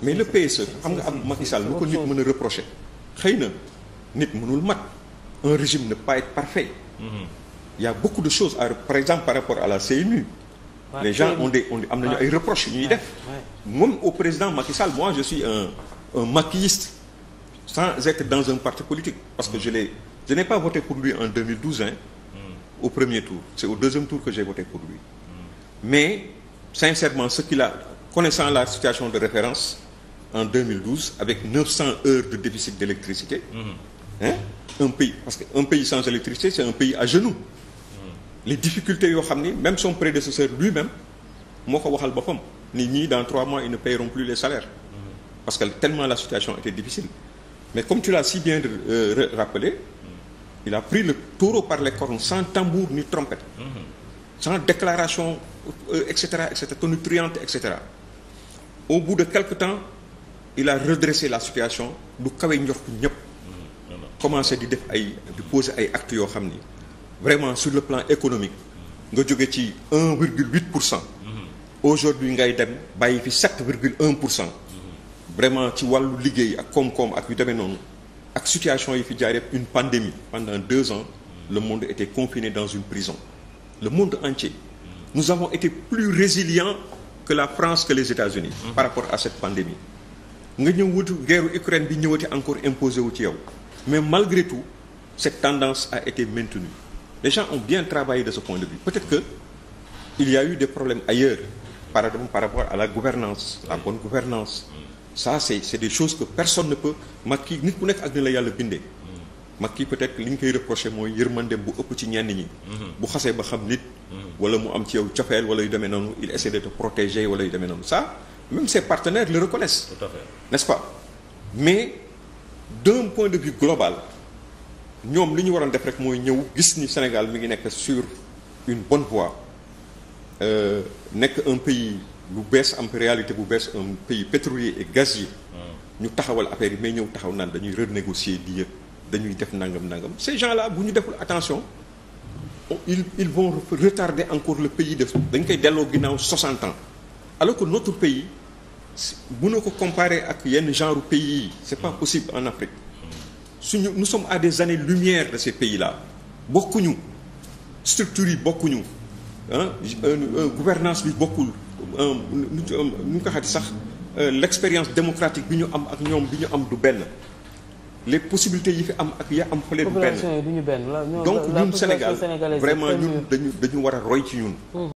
mais le PSE xam nga am Macky Sall lu ko nit mën a reprocher xëy na nit mënul mat un régime ne pas être parfait mm-hmm. il y a beaucoup de choses à par exemple par rapport à la CNU les gens ont des ont am nañu ay reproches ñuy def moom au président Macky Sall moi je suis un un maquilliste sans être dans un parti politique parce que je l'ai je n'ai pas voté pour lui en 2012 hein mm. au premier tour c'est au deuxième tour que j'ai voté pour lui mm. mais sincèrement ce qu'il a connaissant la situation de référence en 2012 avec 900 heures de déficit d'électricité mm-hmm. hein un pays parce que un pays sans électricité c'est un pays à genoux mm-hmm. les difficultés yoo xam ni même son prédécesseur lui-même moo ko waxal boppam ni ñii dans trois mois ils ne paieront plus les salaires mm-hmm. parce que tellement la situation était difficile mais comme tu l'as si bien euh, rappelé il a pris le taureau par les cornes sans tambour ni trompette sans déclaration euh, etc etc tonitruante etc au bout de quelque temps il a redressé la situation du kawe njox ñëpp commencé di def ay di poser ay actes yoo xam ni vraiment sur le plan économique nga jóge ci 1,8 pour cent aujourd'hui ngay dem bàyyi fi 7,1 pour cent vraiment ci wàllu liggéey ak koom-koom ak yu demee noonu ak situation yi fi jaar yëpp une pandémie pendant deux ans le monde était confiné dans une prison le monde entier nous avons été plus résilients que la France que les États-Unis par rapport à cette pandémie nga ñëw wutu guerre Ukraine bi ñëwati encore imposé wu ci yow mais malgré tout cette tendance a été maintenue les gens ont bien travaillé de ce point de vue peut-être que il y a eu des problèmes ailleurs par rapport à la gouvernance la bonne gouvernance ça c'est c'est des choses que personne ne peut Macky nit ku nekk ak ni la yàlla bindee Macky peut-être li ñu koy reprocher mooy yërmandeem bu ëpp ci ñenn ñi bu xasee ba xam nit mm-hmm. wala mu am ci yow cofeel wala yu demee noonu il essaie wala demee noonu ça même ses partenaires le reconnaissent. Tout à fait. nest pas mais d'un point de vue global ñoom li ñu waroon def rek mooy ñëw gis ni Sénégal mi ngi nekk sur une bonne voie euh, nekk un pays lu bees am réalité bu bees un pays pétrolier et gazier. Hmm. ñu taxawal affaire yi mais ñëw taxaw naan dañuy renégocier yëpp dañuy def nangam nangam ces gens là bu ñu deful attention ils ils vont retarder encore le pays de dañ koy delloo ginnaaw 60 ans alors que notre pays. mënoo ko comparer ak yenn genre pays yi c'est pas possible en Afrique suñu nous sommes à des années lumière de ces pays là bokkuñu structures yi bokkuñu ah gouvernance bi bokkul nu ñu ko xati sax euh, l'expérience démocratique bi ñu am ak ñoom bi ñu am du benn les possibilités yi fi am ak ya am fële du benn donc ñun Sénégal vraiment ñun dañu dañu war a roy ci ñun hmm.